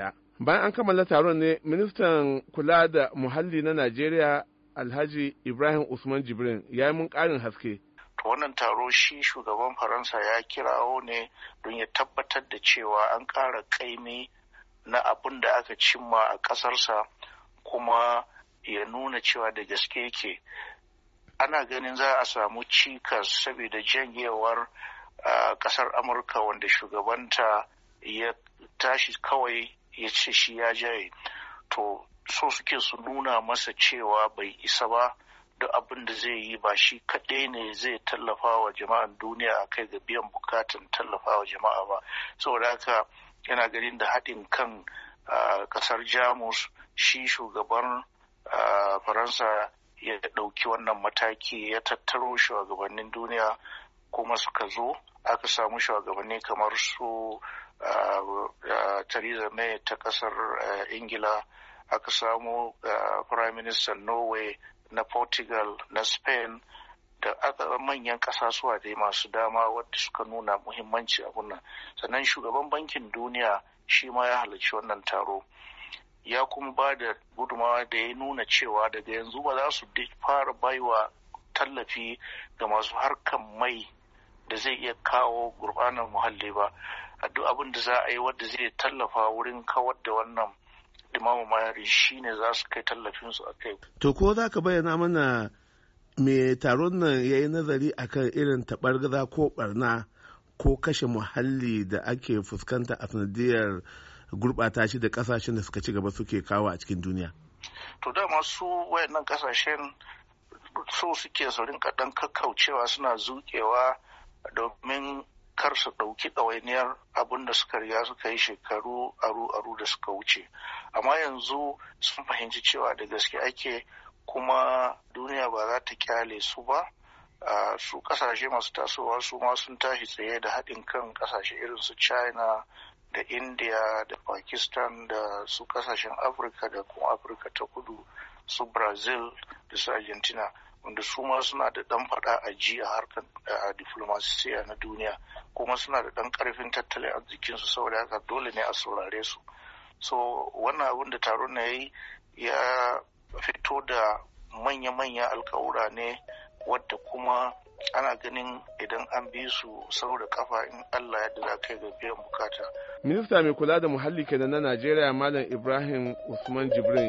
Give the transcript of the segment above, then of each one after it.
ɗaya. Bayan an kammala taron ne, ministan kula da muhalli na Najeriya Alhaji Ibrahim Usman Jibrin ya yi mun ƙarin haske. wannan taro shi shugaban Faransa ya kirawo ne don ya tabbatar da cewa an ƙara ƙaimi na abin da aka cimma a ƙasarsa kuma ya nuna cewa da gaske yake. Ana ganin za a samu cikas saboda janyewar ah, ƙasar Amurka wanda shugabanta ya tashi kawai ya ce shi ya jaye to so suke su nuna masa cewa bai isa ba duk abin da zai yi ba shi kaɗai ne zai tallafa wa jama'an duniya a kai ga biyan bukatun tallafa wa jama'a ba saboda haka yana ganin da haɗin kan ƙasar jamus shi shugaban faransa ya ɗauki wannan mataki ya tattaro shugabannin duniya kuma suka zo aka samu shugabanni kamar su Theresa May ta kasar Ingila aka samu Prime Minister Norway na Portugal na Spain da aka manyan kasasuwa dai masu dama wadda suka nuna muhimmanci abun nan sannan shugaban bankin duniya shi ma ya halarci wannan taro ya kuma ba da gudumawa da ya nuna cewa daga yanzu ba za su fara baiwa tallafi ga masu harkar mai da zai iya kawo gurbanar muhalli ba a duk abin da za a yi wadda zai tallafa wurin kawar da wannan dimamu mayari shine za su kai tallafin su a kai. To ko za ka bayyana mana me taron nan ya yi nazari akan irin taɓar-gaza ko barna ko kashe muhalli da ake fuskanta a sanadiyar gurbata shi da kasashen da suka ci gaba suke kawo a cikin duniya. To dama su wayannan kasashen so suke saurin kaɗan kakkaucewa suna zuƙewa domin kar su ɗauki ɗawainiyar abin da suka riga suka yi shekaru aru-aru da suka wuce amma yanzu sun fahimci cewa da gaske ake kuma duniya ba za ta kyale su ba su ƙasashe masu tasowa su ma sun tashi tsaye da haɗin kan ƙasashe irin su china da india da pakistan da su ƙasashen afirka da kuma afirka ta kudu su brazil da su argentina wanda su ma suna da dan fada a ji a harkar diplomasiya na duniya kuma suna da dan karfin tattalin arzikin su saboda haka dole ne a saurare su so wannan abin da taron na yi ya fito da manya-manya alkawura ne wadda kuma ana ganin idan an bi su sau da kafa in Allah ya za kai ga biyan bukata. Minista mai kula da muhalli kenan na Najeriya Malam Ibrahim Usman jibril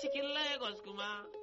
cikin Lagos kuma